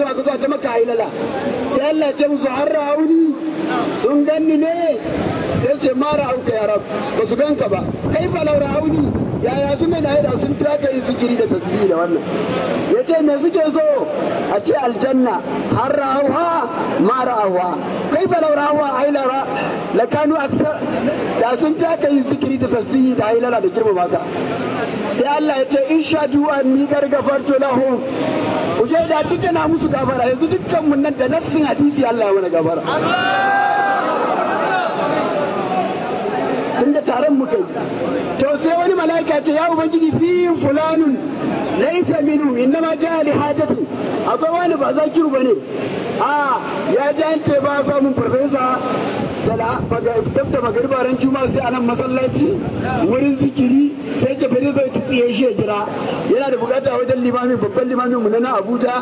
zuwa ka zuwa ta maka ailala sai Allah ya ce musu an ra'auni sun ganni ne sai ce mara auka ya rab ba su ganka ba kai fa laura yaya su mai yi da sun fi aka yi zikiri da tasbihi da wannan ya ce me suke so a ce aljanna har rahuwa ma rahuwa kai fa laura hawa ailara la kanu aksar da sun fi aka yi zikiri da tasbihi da ailara da girma baka. sai Allah ya ce in sha duwa ni gargafarto lahum ku shaida duka na musu gafara yanzu dukkan mun nan da nassin hadisi Allah ya mana gafara taron mu kai to sai wani mala'ika ce ya ubangiji fi fulanun laisa minu ma ja li hajatu akwai wani ba kiru bane a ya ji an ce ba samun farfesa dab da magariba ran juma sai anan masallaci wurin zikiri sai ke fere zai ta tsiye shi ya jira yana da bukata wajen limamin babban limamin mu na Abuja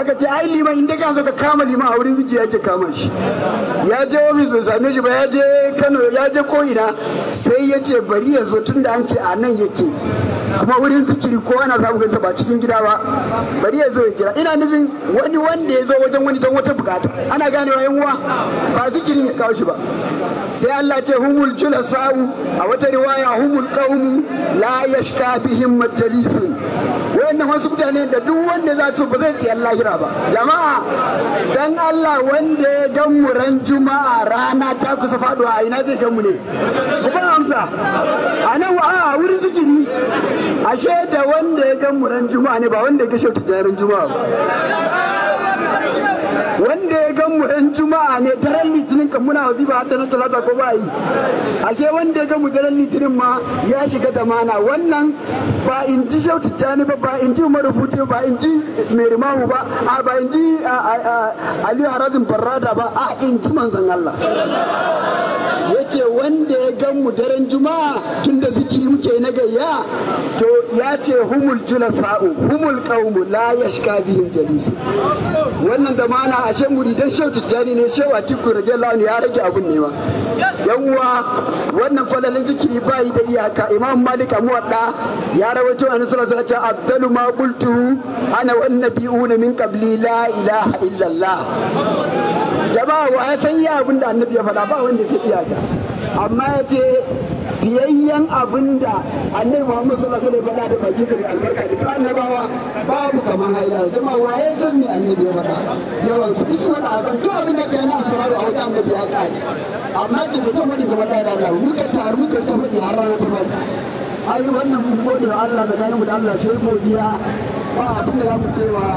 aka ce ai liman inda ka zo ka kama liman a wurin zikiri yake kama shi ya je ofis bai same shi ba ya je Kano ya je ko ina sai ya ce bari ya zo tunda an ce a nan yake kuma wurin zikiri ko ana za ka ba cikin gida ba bari ya zo ya gida ina nufin wani wanda ya zo wajen wani don wata bukata ana gane wa yan uwa ba zikiri ne kawo shi ba sai Allah ce humul sa'u a wata riwaya humul qaumu la yashka bihim matalisun wannan wasu mutane da duk wanda za su ba zai tsayar lahira ba jama'a dan Allah wanda ya gan mu ran juma'a rana ta kusa faduwa a ina zai gan mu ne ku amsa a nan a wurin zikiri ashe da wanda ya gan muran juma'a ne ba wanda ya ga shautu juma'a ba wanda ya gan muran juma'a ne daren litinin kan muna ba har na talata ko ba yi ashe wanda ya gan mu daren litinin ma ya shiga zamana wannan ba in ji shautu jani ba ba in ji umaru fute ba in ji merimahu ba a ba in ji aliyu harazin Barada ba a in ji manzan allah ya ce wanda ya gan mu daren juma'a tun da biki muke na gayya to ya ce humul sa'u humul qaumu la yashka bihim jalis wannan da mana a shan guri dan shau tijjani ne shau a tiku radiyallahu ya rage abun ne ma yawwa wannan falalin zikiri bayi da iyaka imam malik amwadda ya rawaito an sallallahu alaihi abdalu ma qultu ana wan nabiyuna min qabli la ilaha illallah jama'a wa san yi abin da annabi ya faɗa ba wanda sai iyaka amma ya ce fiyayyen abin da annabi Muhammad sallallahu alaihi wasallam ya faɗa da baki sai albarka da annabawa babu kamar haila kuma waye san me annabi ya faɗa yawan su ismu da azan duk abin da kai na asraru a wajen annabi ya kare amma ki fito mani da wallahi Allah muka taru muka ta madi har rana ta bari ai wannan mun gode wa Allah da ganin mu da Allah sai godiya ba abin da zamu cewa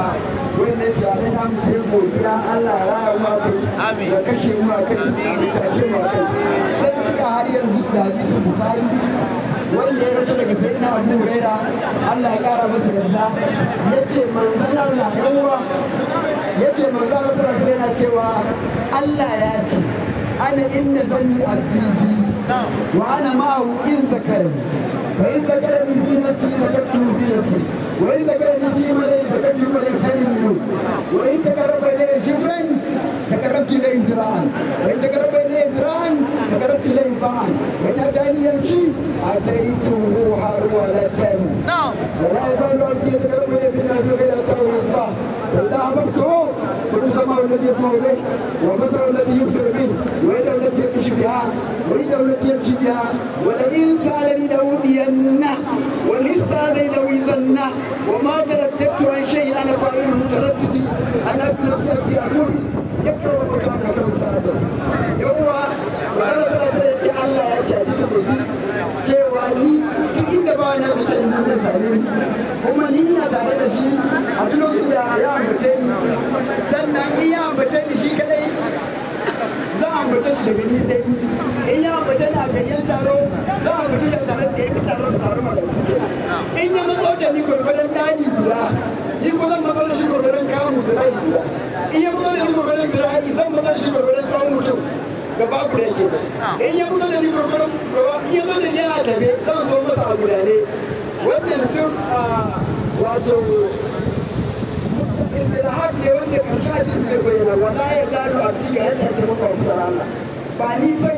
wai ne jami'an na sai godiya Allah ya raya mu da kashe mu akai da tashe mu akai yasa har yanzu da hadisu bukari wanda ya rata daga sai na abu raira allah ya kara masa yarda ya ce manzana na tsawa ya ce manzana sura sura yana cewa allah ya ce ana inda zanni abdibi wa ana ma'ahu in zakarani fa in zakarani fi nafsi zakartu fi nafsi wa in zakarani fi malai zakartu malai khairin yau wa in takarraba ilayya shibran takarrabtu ilayhi zira'an wa يمشي أتيته هرولة ولا يزال عبدي يتكلم من أهل إلى التوبة فذهبته فنسمع الذي يسمع به ومثل الذي يبصر به وإذا التي يمشي بها وإذا التي يمشي بها ولئن سألني لأولينه ولساني لويزنه وما ترددت عن شيء أنا فاعل ترددي أنا أبن نفسي بأمري يكره وكان كتب ساعته يوم ولا da shi cewa ni duk inda ba na da shi ne same ni kuma ni ina tare da shi a duk lokacin da ya ambace ni sannan in ya ambace ni shi kadai za a ambace shi daga ni ni in ya ambace ni a ganyen taro za a ambace da tare da ya fi taron su taro magana in ya matso da ni gwargwadon dani guda ni kuma zan da shi gwargwadon kawo musulai guda in ya abu da ke in ya fito da ni ya zo da a tafe zan zo masa a gudane wannan duk a wato ne wanda karshe bayyana wala ya zalu abdi yadda ake masa Allah ba ni san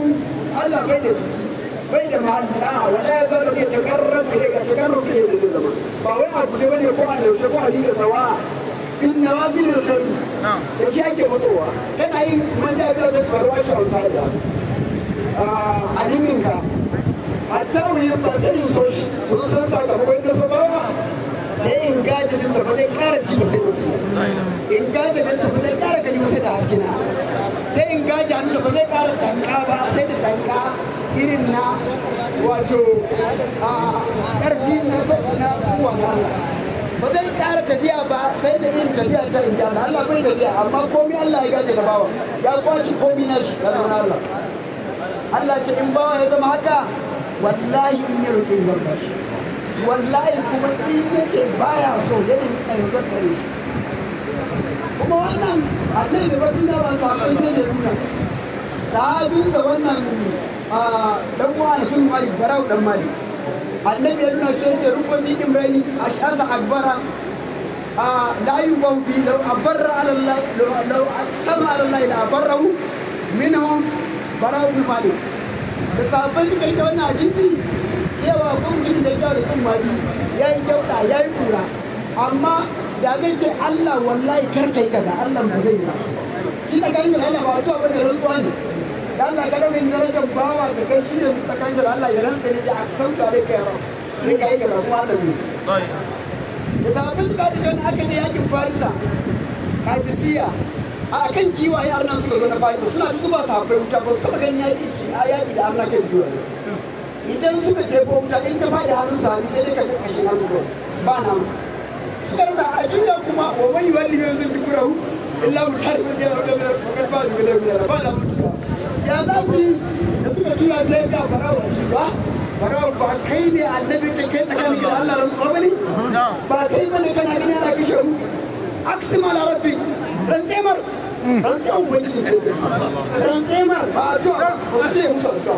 Allah bai da jiki bai da mahalli a wala ya zalu ke takarrabu ne ga takarrabu ne da zama ba wai abu ne bane ko a yaushe ko a da sawa in na wafi da kai da shi ake matsowa kana yi man da biya zai faruwa shi a wasa da a liminka a tawuyin ba sai in so shi yanzu san sakamakon da so ba sai in gaji din sa ba zai kara ji in sai in ba tanka ba sai tanka irin na wato a ƙarfi na kuwa na ba zan ƙara tafiya ba sai da yin tafiya ta in Allah Allah bai tafiya amma komi Allah ya gaje da bawa ya kwaci komi na shi ya zauna Allah Allah ce in bawa ya zama haka wallahi in yi rukin yarda shi wallahi kuma in ya ce baya so yana yi tsaye da tsare kuma wannan a ce da bakin da ba sabai sai da suna sahabinsa wannan dan ah, uwa sun mali garau dan mali annabi ya nuna sai ce rukun ni imrani ashasa akbara la yubaw bi law abarra ala allah law sama ala allah la abarrahu minhum bara'u bi mali da sahabbai suka yi ta wannan hadisi cewa kun da kyau da kun mali ya yi kyauta ya yi kura amma da zai ce Allah wallahi karka yi kaza Allah ba zai yi ba shi da ganin Allah ba a zuwa bane rantsuwa ne da Allah ka daga darajar bawa ka kai shi yanzu tsakanin da Allah ya rantsa ne ji a sauka ne ka yaro sai ka yi ga rabuwa da mu da sabbin da da aka je yakin farisa kadisiya a kan giwaye arna suka zo na farisa suna zuba sahabbai wuta ba su taba ganin yaki shi a yaki da arna kan giwaye idan suka jefo wuta in ka fada sa sahabi sai dai ka je kashin hannun kawai ba na suka rasa a duniya kuma wa mai wani yanzu dubura illa mutar da ya rabu da ba da ba da ya za su yi da suka juya sai ga farawa shi ba farawa ba kai ne annabi ta kai tsakanin da Allah ran tsobali ba kai ba ne kana gina ana kishe mu aksima la rabbi ran tsemar hmm. ran tsemar ubangiji ne ran tsemar ba addu'a ba sai ya musa addu'a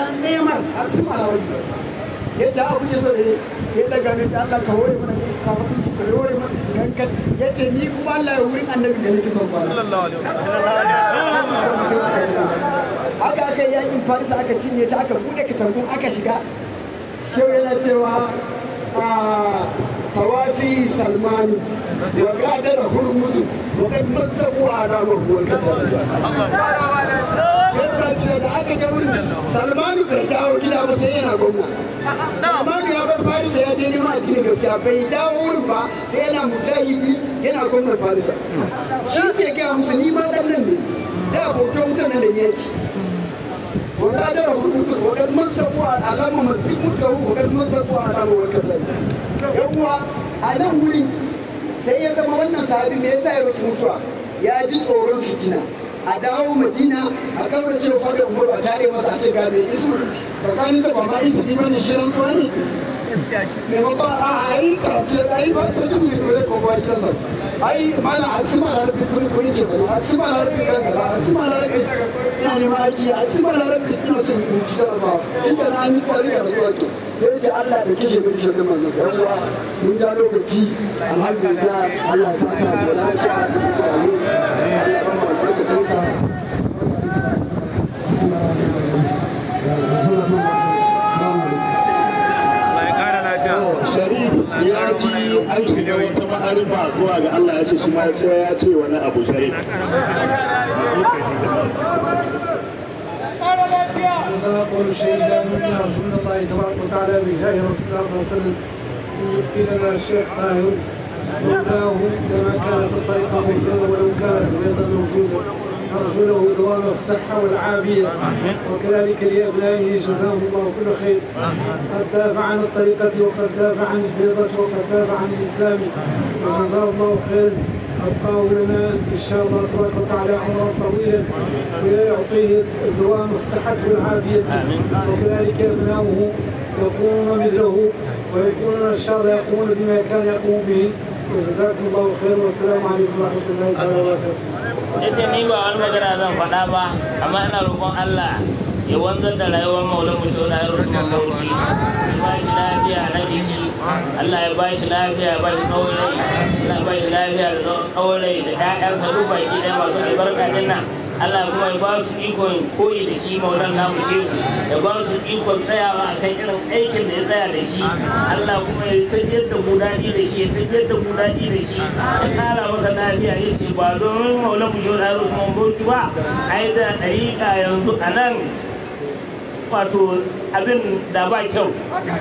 ran tsemar aksima la rabbi yadda abu ya zai ya daga ne ta Allah ka hore mana kafafin su ka hore mana gangan ya ni kuma Allah ya wurin annabi da nake son ba sallallahu alaihi wasallam aka yi yakin farisa aka cinye ta aka ka katangun aka shiga shehu yana cewa ah, sawafi salmani wa gadara hurmusu wa kad masaku alamu wal kadar da aka ga wurin salmanu bai dawo gida ba sai yana gwamna salmanu ya bar farisa ya je neman addini gaskiya bai dawo wurin ba sai yana mujahidi yana gwamnan farisa shi ke gaya musu ni ma dan nan ne da abokan mutanen da yake ونادره الرسل وقد مسكوا العلامة مسكوا وقد مسكوا العلامة والكتاب yawwa a nan wuri sai ya zama wannan sahabi me yasa ya roƙi mutuwa ya ji tsoron fitina a dawo madina a kawar cewa fadar mu ba tare masa a ce ga mai isu tsakanin sa ba ma isu bi bane shirin kwani ne ba a yi karatu da yi ba sai tun yi dole ko ba kiransa ai mana asima larabbi kun kun ke bane asima larabbi kan gaba asima larabbi ina neman aiki asima larabbi ina son in ci jarabawa inda na an yi kwari a rayuwa to sai da Allah da kishe bin shugin manzo yawa mun ja lokaci alhamdulillah Allah ya saka da lafiya asibiti aiki da wata ma'arifa منا رسول الله تبارك وتعالى بجاه رسول الله صلى الله عليه وسلم يمكننا الشيخ طاهر وفاه لما كانت الطريقة مفيدة ولو كانت بيضا موجودة نرجو له دوام الصحة والعافية وكذلك لأبنائه جزاهم الله كل خير قد دافع عن الطريقة وقد دافع عن الفريضة وقد دافع عن الإسلام وجزاه الله خير أبقاه لنا إن شاء الله تبارك وتعالى عمرا طويلا ويعطيه دوام الصحة والعافية وكذلك أبنائه يكونون مثله ويكونون إن شاء الله يقومون بما كان يقوم به jazakum Allahu khairan assalamu alaikum wa rahmatullahi wa barakatuh yace ni ba wani magana zan faɗa ba amma ina roƙon Allah ya wanzar da rayuwar maulan mu sau da ya rufe mawuci ya ba shi lafiya na jiki Allah ya ba shi lafiya ya ba shi tsawon rai Allah ya ba shi lafiya da tsawon rai da ƴaƴansa duk baki ɗaya masu albarka ɗin nan Allah kuma ya ba su ikon koyi da shi maulan namu shi ya ba su ikon tsayawa a kan irin aikin da ya tsaya da shi Allah kuma ya tafiyar da mu daɗi da shi ya tafiyar da mu daɗi da shi ya kara masa lafiya ya ce ba don maula mu shehu da su mamboci ba ai da ɗariƙa yanzu a nan wato abin da ba kyau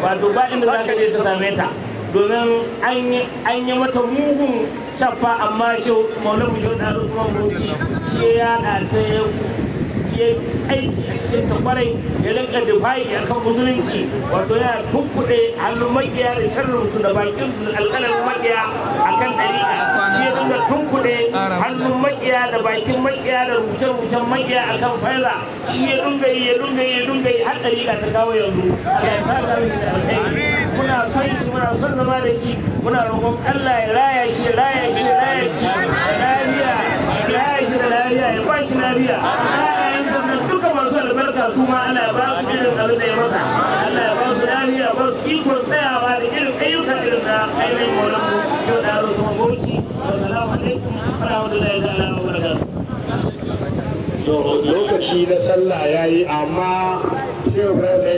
wato ba inda za ka je ka same ta domin an yi mata mugun cafa amma maulamu shi da usman bauchi shi ya yada ta ya aiki a cikin takwarai ya rinka bayi a kan musulunci wato yana tukkuɗe hannun magiya da sharrinsu da bakinsu da alƙalar magiya a kan ɗari'a shi ya rinka tukkuɗe hannun magiya da bakin magiya da rubuce-rubucen magiya a kan faila shi ya rinka yi ya rinka yi ya rinka yi har ɗari'a ta kawo yanzu Allah ya sa da alƙairi muna son shi muna son zama da ki muna roƙon Allah ya raya shi ya raya shi ya raya shi lafiya ya raya shi da lafiya ya ba shi lafiya ƴaƴan sannan duka masu albarka su ma Allah ya ba su irin abin da ya masa Allah ya ba su lafiya ba su ikon tsayawa da irin ayyukan irin na ainihin maulan mu to da aro su maboci assalamu alaikum warahmatullahi ta'ala wabarakatuh to lokaci na sallah yayi amma shehu